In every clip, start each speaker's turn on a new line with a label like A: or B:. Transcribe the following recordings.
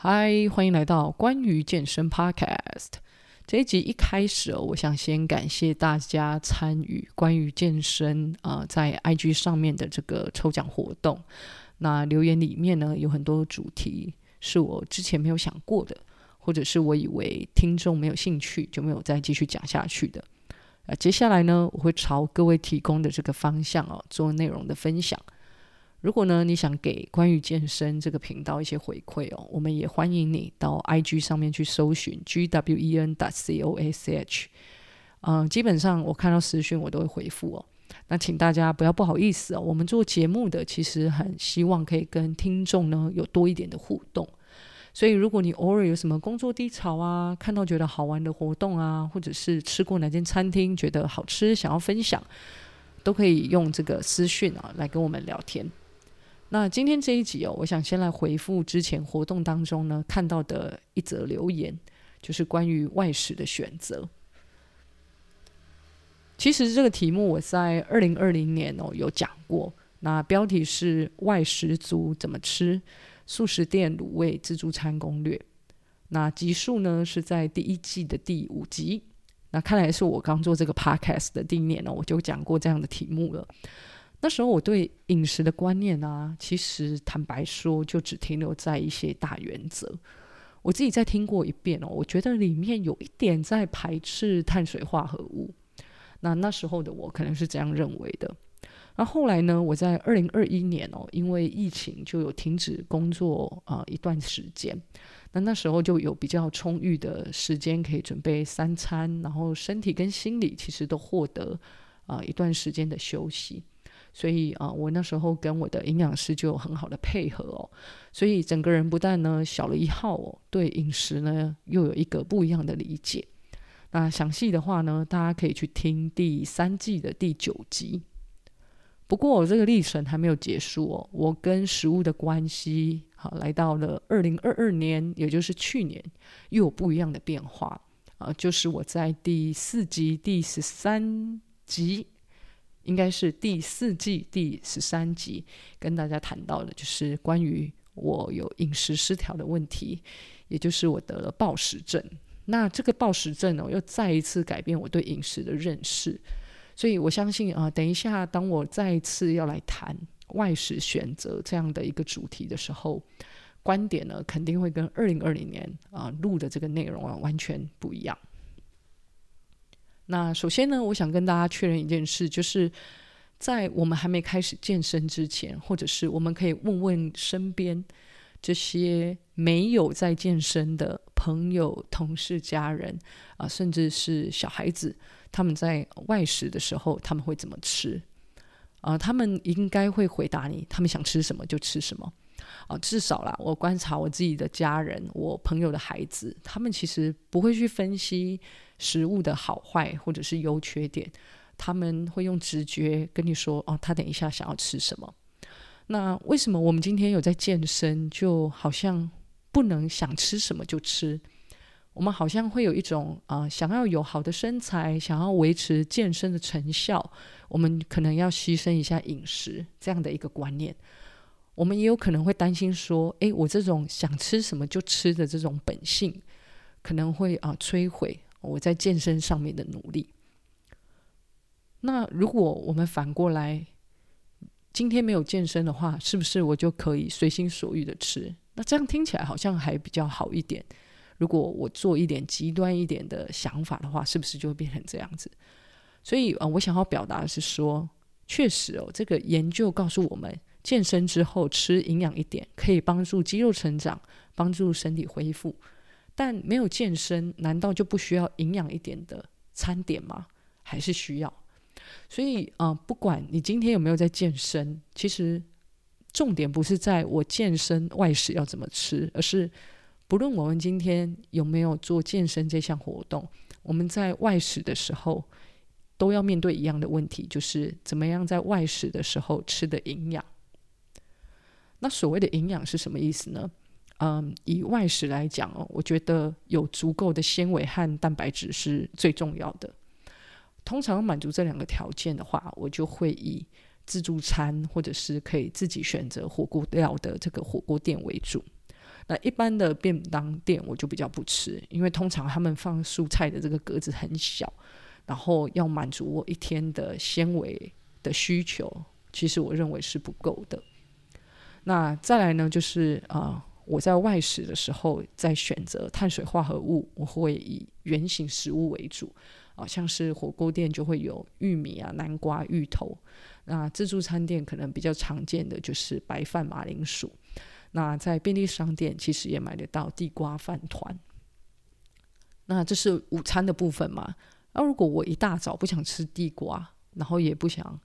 A: 嗨，歡迎來到關於健身 Podcast。這一集一開始哦，我想先感謝大家參與關於健身啊，呃，在 IG 上面的這個抽獎活動。那留言裡面呢，有很多主題是我之前沒有想過的，或者是我以為聽眾沒有興趣，就沒有再繼續講下去的。呃，接下來呢，我會朝各位提供的這個方向哦，做內容的分享。如果呢，你想給關於健身這個頻道一些回饋哦，我們也歡迎你到 IG 上面去搜尋 G W E N 點 C O A C H。嗯、呃，基本上我看到私訊我都會回復哦。那請大家不要不好意思哦，我們做節目的其實很希望可以跟聽眾呢有多一點的互動。所以如果你偶爾有什麼工作低潮啊，看到覺得好玩的活動啊，或者是吃過哪間餐廳覺得好吃想要分享，都可以用這個私訊啊來跟我們聊天。那今天這一集哦，我想先來回覆之前活動當中呢看到的一則留言，就是關於外食的選擇。其實這個題目我在二零二零年哦有講過，那標題是“外食族怎麼吃素食店滷味自助餐攻略”，那集數呢是在第一季的第五集。那看來是我剛做這個 podcast 的第一年哦，我就講過這樣的題目了。那時候我對飲食的觀念啊，其實坦白說，就只停留在一些大原則。我自己再聽過一遍哦，我覺得裡面有一點在排斥碳水化合物。那那時候的我可能是這樣認為的。那後來呢，我在二零二一年哦，因為疫情就有停止工作啊、呃、一段時間。那那時候就有比較充裕的時間可以準備三餐，然後身體跟心理其實都獲得啊、呃、一段時間的休息。所以啊，我那時候跟我的營養師就很好的配合哦，所以整個人不但呢小了一號哦，對飲食呢又有一個不一樣的理解。那詳細的話呢，大家可以去聽第三季的第九集。不過我這個歷程還沒有結束哦，我跟食物的關係好、啊、來到了二零二二年，也就是去年又有不一樣的變化啊，就是我在第四季第十三集。應該是第四季第十三集跟大家談到的，就是關於我有飲食失調的問題，也就是我得了暴食症。那這個暴食症呢，又再一次改變我對飲食的認識。所以我相信啊，等一下當我再一次要來談外食選擇這樣的一個主題的時候，觀點呢肯定會跟二零二零年啊錄的這個內容啊完全不一樣。那首先呢，我想跟大家確認一件事，就是在我們還沒開始健身之前，或者是我們可以問問身邊這些沒有在健身的朋友、同事、家人啊、呃，甚至是小孩子，他們在外食的時候他們會怎麼吃啊、呃？他們應該會回答你，他們想吃什麼就吃什麼啊、呃。至少啦，我觀察我自己的家人、我朋友的孩子，他們其實不會去分析。食物的好壞或者是優缺點，他們會用直覺跟你說：“哦，他等一下想要吃什麼？”那為什麼我們今天有在健身，就好像不能想吃什麼就吃？我們好像會有一種啊、呃，想要有好的身材，想要維持健身的成效，我們可能要犧牲一下飲食這樣的一個觀念。我們也有可能會擔心說：“誒，我這種想吃什麼就吃的這種本性，可能會啊、呃，摧毀。”我在健身上面的努力。那如果我們反過來，今天沒有健身的話，是不是我就可以隨心所欲的吃？那這樣聽起來好像還比較好一點。如果我做一點極端一點的想法的話，是不是就會變成這樣子？所以啊、呃，我想要表達的是說，確實哦，這個研究告訴我們，健身之後吃營養一點，可以幫助肌肉成長，幫助身體恢復。但沒有健身，難道就不需要營養一點的餐點嗎？還是需要？所以啊，呃，不管你今天有沒有在健身，其實重點不是在我健身外食要怎麼吃，而是不論我們今天有沒有做健身這項活動，我們在外食的時候都要面對一樣的問題，就是怎麼樣在外食的時候吃的營養。那所謂的營養是什麼意思呢？嗯，以外食來講哦，我覺得有足夠的纖維和蛋白質是最重要的。通常滿足這兩個條件的話，我就會以自助餐或者是可以自己選擇火鍋料的這個火鍋店為主。那一般的便當店我就比較不吃，因為通常他們放蔬菜的這個格子很小，然後要滿足我一天的纖維的需求，其實我認為是不夠的。那再來呢，就是啊。嗯我在外食的時候，在選擇碳水化合物，我會以原型食物為主，啊，像是火鍋店就會有玉米啊、南瓜、芋頭；那自助餐店可能比較常見的就是白飯、馬鈴薯；那在便利商店其實也買得到地瓜飯糰。那這是午餐的部分嘛。那如果我一大早不想吃地瓜，然後也不想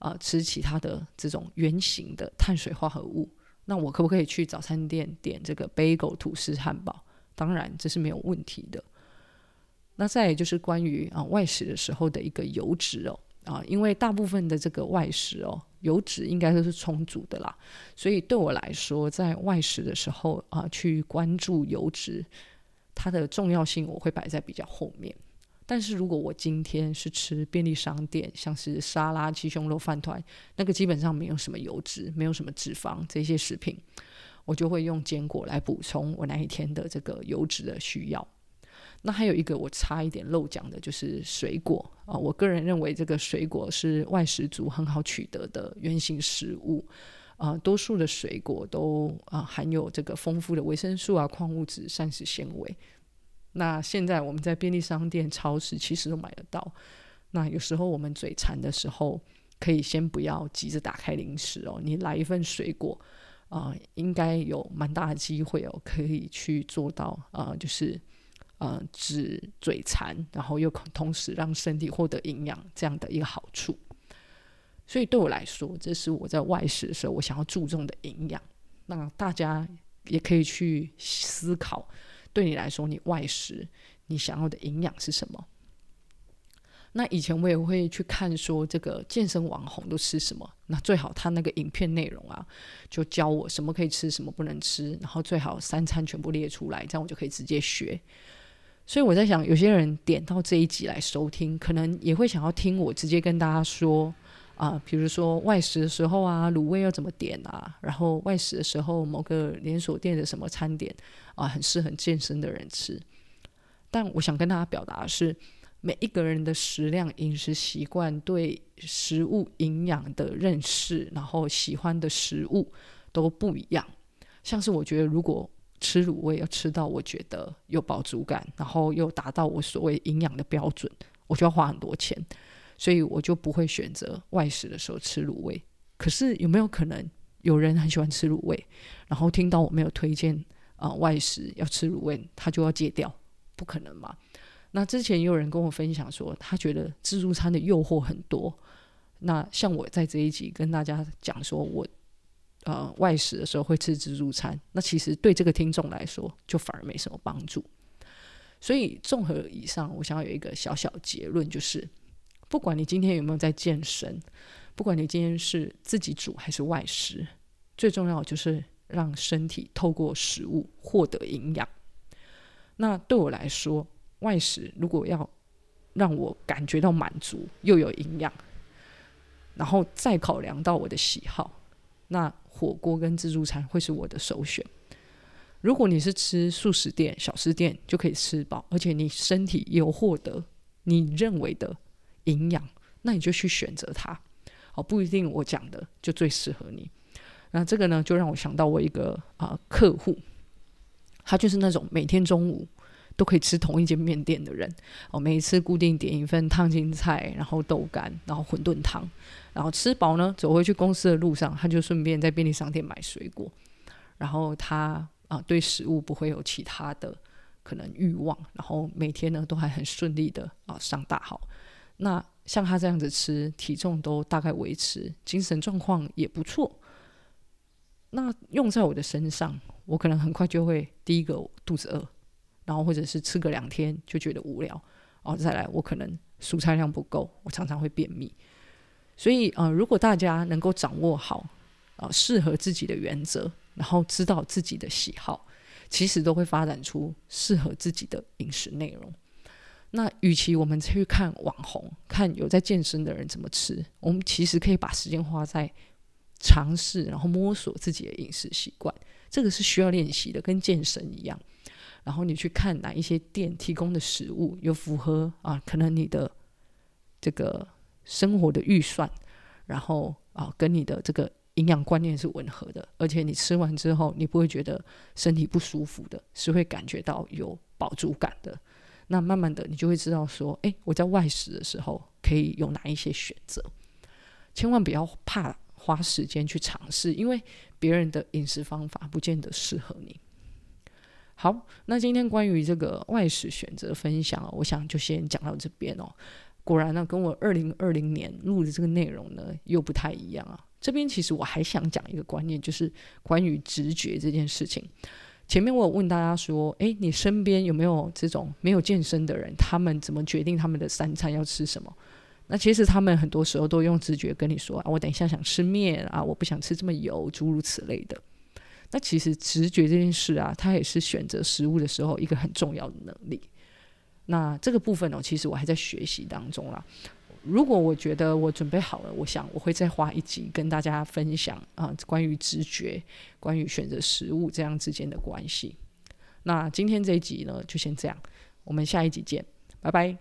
A: 啊吃其他的這種原型的碳水化合物。那我可不可以去早餐店點這個貝果吐司漢堡？當然這是沒有問題的。那再也就是關於啊、呃、外食的時候的一個油脂哦啊、呃，因為大部分的這個外食哦，油脂應該都是充足的啦，所以對我來說，在外食的時候啊、呃、去關注油脂它的重要性，我會擺在比較後面。但是如果我今天是吃便利商店，像是沙拉、雞胸肉飯糰，那個基本上沒有什麼油脂，沒有什麼脂肪這些食品，我就會用堅果來補充我那一天的這個油脂的需要。那還有一個我差一點漏講的就是水果啊，我個人認為這個水果是外食族很好取得的原型食物啊，多數的水果都啊含有這個豐富的維生素啊、礦物質、膳食纖維。那現在我們在便利商店、超市其實都買得到。那有時候我們嘴饞的時候，可以先不要急着打開零食哦。你來一份水果，啊、呃，應該有蠻大的機會哦，可以去做到啊、呃，就是呃，止嘴饞，然後又同時讓身體獲得營養，這樣的一個好處。所以對我來說，這是我在外食的時候，我想要注重的營養。那大家也可以去思考，對你來說，你外食，你想要的營養是什麼？那以前我也會去看說這個健身網紅都吃什麼，那最好他那個影片內容啊，就教我什麼可以吃，什麼不能吃，然後最好三餐全部列出來，這樣我就可以直接學。所以我在想，有些人點到這一集來收聽，可能也會想要聽我直接跟大家說。啊，比如說外食的時候啊，滷味要怎麼點啊？然後外食的時候，某個連鎖店的什麼餐點啊，很適合健身的人吃。但我想跟大家表達的是，每一個人的食量、飲食習慣、對食物營養的認識，然後喜歡的食物都不一樣。像是我覺得，如果吃滷味要吃到我覺得有飽足感，然後又達到我所謂營養的標準，我就要花很多錢。所以我就不會選擇外食的時候吃滷味。可是有沒有可能有人很喜歡吃滷味，然後聽到我沒有推薦啊、呃、外食要吃滷味，他就要戒掉？不可能嘛？那之前也有人跟我分享說，他覺得自助餐的誘惑很多。那像我在這一集跟大家講說我呃外食的時候會吃自助餐，那其實對這個聽眾來說就反而沒什麼幫助。所以綜合以上，我想要有一個小小結論，就是。不管你今天有沒有在健身，不管你今天是自己煮還是外食，最重要就是讓身體透過食物獲得營養。那對我來說，外食如果要讓我感覺到滿足又有營養，然後再考量到我的喜好，那火鍋跟自助餐會是我的首選。如果你是吃素食店、小吃店，就可以吃飽，而且你身體有獲得你認為的。營養，那你就去選擇它。哦，不一定我講的就最適合你。那這個呢，就讓我想到我一個啊、呃、客戶，他就是那種每天中午都可以吃同一間麵店的人哦。每一次固定點一份燙青菜，然後豆乾，然後餛飩湯，然後吃飽呢，走回去公司的路上，他就順便在便利商店買水果。然後他啊、呃，對食物不會有其他的可能慾望。然後每天呢，都還很順利的啊、呃、上大號。那像他這樣子吃，體重都大概維持，精神狀況也不錯。那用在我的身上，我可能很快就會第一個肚子餓，然後或者是吃個兩天就覺得無聊，然後再來我可能蔬菜量不夠，我常常會便秘。所以呃，如果大家能夠掌握好啊，適合自己的原則，然後知道自己的喜好，其實都會發展出適合自己的飲食內容。那與其我們去看網紅，看有在健身的人怎麼吃，我們其實可以把時間花在嘗試，然後摸索自己的飲食習慣。這個是需要練習的，跟健身一樣。然後你去看哪一些店提供的食物有符合啊，可能你的這個生活的預算，然後啊，跟你的這個營養觀念是吻合的，而且你吃完之後，你不會覺得身體不舒服的，是會感覺到有飽足感的。那慢慢的，你就會知道說，哎，我在外食的時候可以有哪一些選擇。千萬不要怕花時間去嘗試，因為別人的飲食方法不見得適合你。好，那今天關於這個外食選擇分享，我想就先講到這邊哦。果然呢、啊，跟我二零二零年錄的這個內容呢又不太一樣啊。這邊其實我還想講一個觀念，就是關於直覺這件事情。前面我有問大家說，誒，你身邊有沒有這種沒有健身的人？他們怎麼決定他們的三餐要吃什麼？那其實他們很多時候都用直覺跟你說啊，我等一下想吃麵啊，我不想吃這麼油，諸如此類的。那其實直覺這件事啊，它也是選擇食物的時候一個很重要的能力。那這個部分呢、哦，其實我還在學習當中啦。如果我覺得我準備好了，我想我會再花一集跟大家分享啊、呃，關於直覺、關於選擇食物這樣之間的關係。那今天這一集呢，就先這樣，我們下一集見，拜拜。